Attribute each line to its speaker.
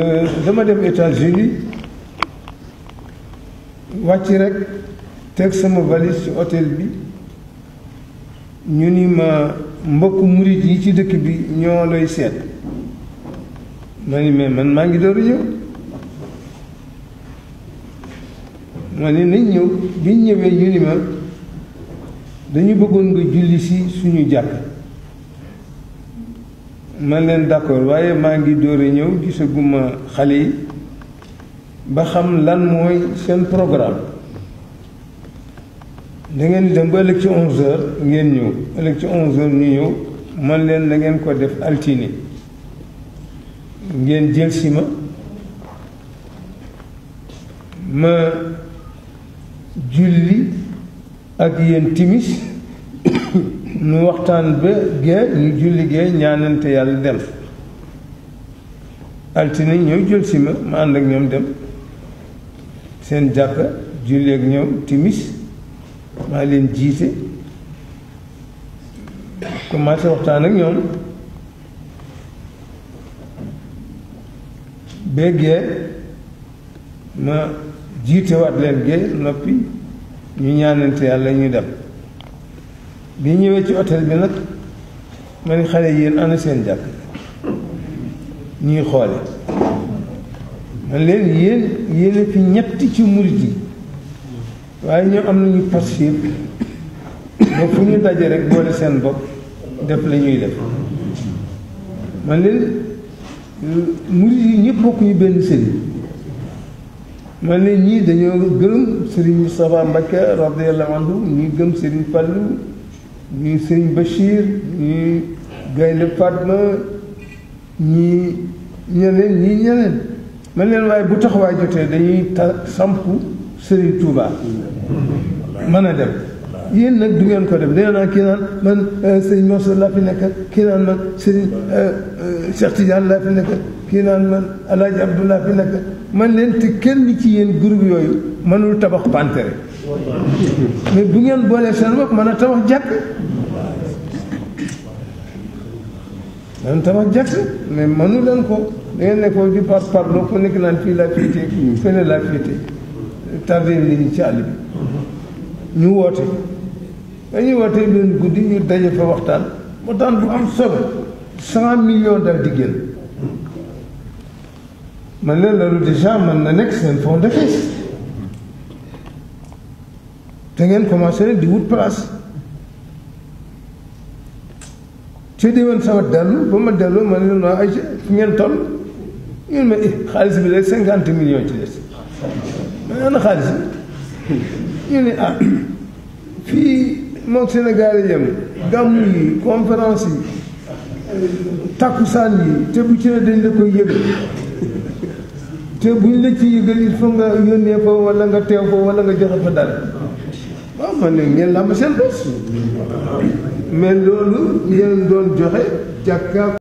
Speaker 1: Euh, dama dem États-Unis wàcc rekk teg sama valise ci hôtel bi ñu ni ma mbokk murit yi ci dëkk bi ñoo lay seet ma ni mais man maa ngi dooru ñëw ma ni nañ ñëw biñ ñëwee ñu ni ma dañu bëggoon nga julli si suñu jàkk man leen d'accord waaye maa ngi dóore ñëw gisaguma xale yi ba xam lan mooy seen programme da ngeen di dem ba ëllëg ci onze heures ngeen ñëw ëllëg ci onze heures ñu ñëw man leen na ngeen ko def altine ngeen jël si ma ma julli ak yéen timis nu waxtaan ba gee ñu julli gee ñaanante yàlla dem altine ñëw jël si ma ànd ak ñoom dem seen jàkka julli ak ñoom timis maa leen jiite commencé waxtaan ak ñoom ba gee ma jiite waat leen gee noppi ñu ñaanante yàlla ñu dem bi ñëwee ci hôtel bi nag man ne xale yéen ana seen jàkk ñuy xoole man leen yéen yéen fi ñett ci murit yi waaye ñoo am nañu pas yëpp ba fu ñu daje rek boole seen bopp def la ñuy def man leen murit yi ñëpp bokkuñu benn sëriñ man leen ñii dañoo gërëm sëriñ Moustapha Mbacké radiyallahu anhu ñii gëm sëriñ Fallou ñii sëñ Bachir ñii Gaynde Fatma ñii ñeneen ñii ñeneen man leen waaye bu taxawaay jotee dañuy ta sampu Serigne tuuba mën a dem yéen nag du ngeen ko dem da ngeen kii naan man euh, sëñ Mansour laa fi nekk kii naan man sëñ euh, euh, Cheikh Tidiane laa fi nekk kii naan man El Hadj Abdou laa fi nekk man leen te kenn ci yéen groupe yooyu mënul tabax pantere mais bu ngeen boolee seen bopp mën a tabax jàkk mën tabax jàkk mais mënu leen ko da ngeen ne ko di par parlo ku nekk naan fii laa féete fële laa féete tardé nit ñi ci àll bi ñu woote dañuy wootee leen guddi ñu daje fa waxtaan waxtaan bu am solo cent millions dal di génn man leen la lu déjà mën na nekk seen fond de caisse da ngeen commencé nag di wut place ci déwén sama dellu ba ma dellu ma ne la ay ci ngeen toll ñun ma xaalis bi de cinquante millions ci des ma ana xaalis bi ñu ne ah fii moom Sénégal yi yem gàmmu yi conférence yi takkusaan yi te bu ci ne dañ la koy yëgal te buñ la ci yëgal il faut nga yónnee fa wala nga teew fa wala nga joxe fa dara xam ne ngeen làmb seen bos mais loolu ngeen doon joxe jàkkaar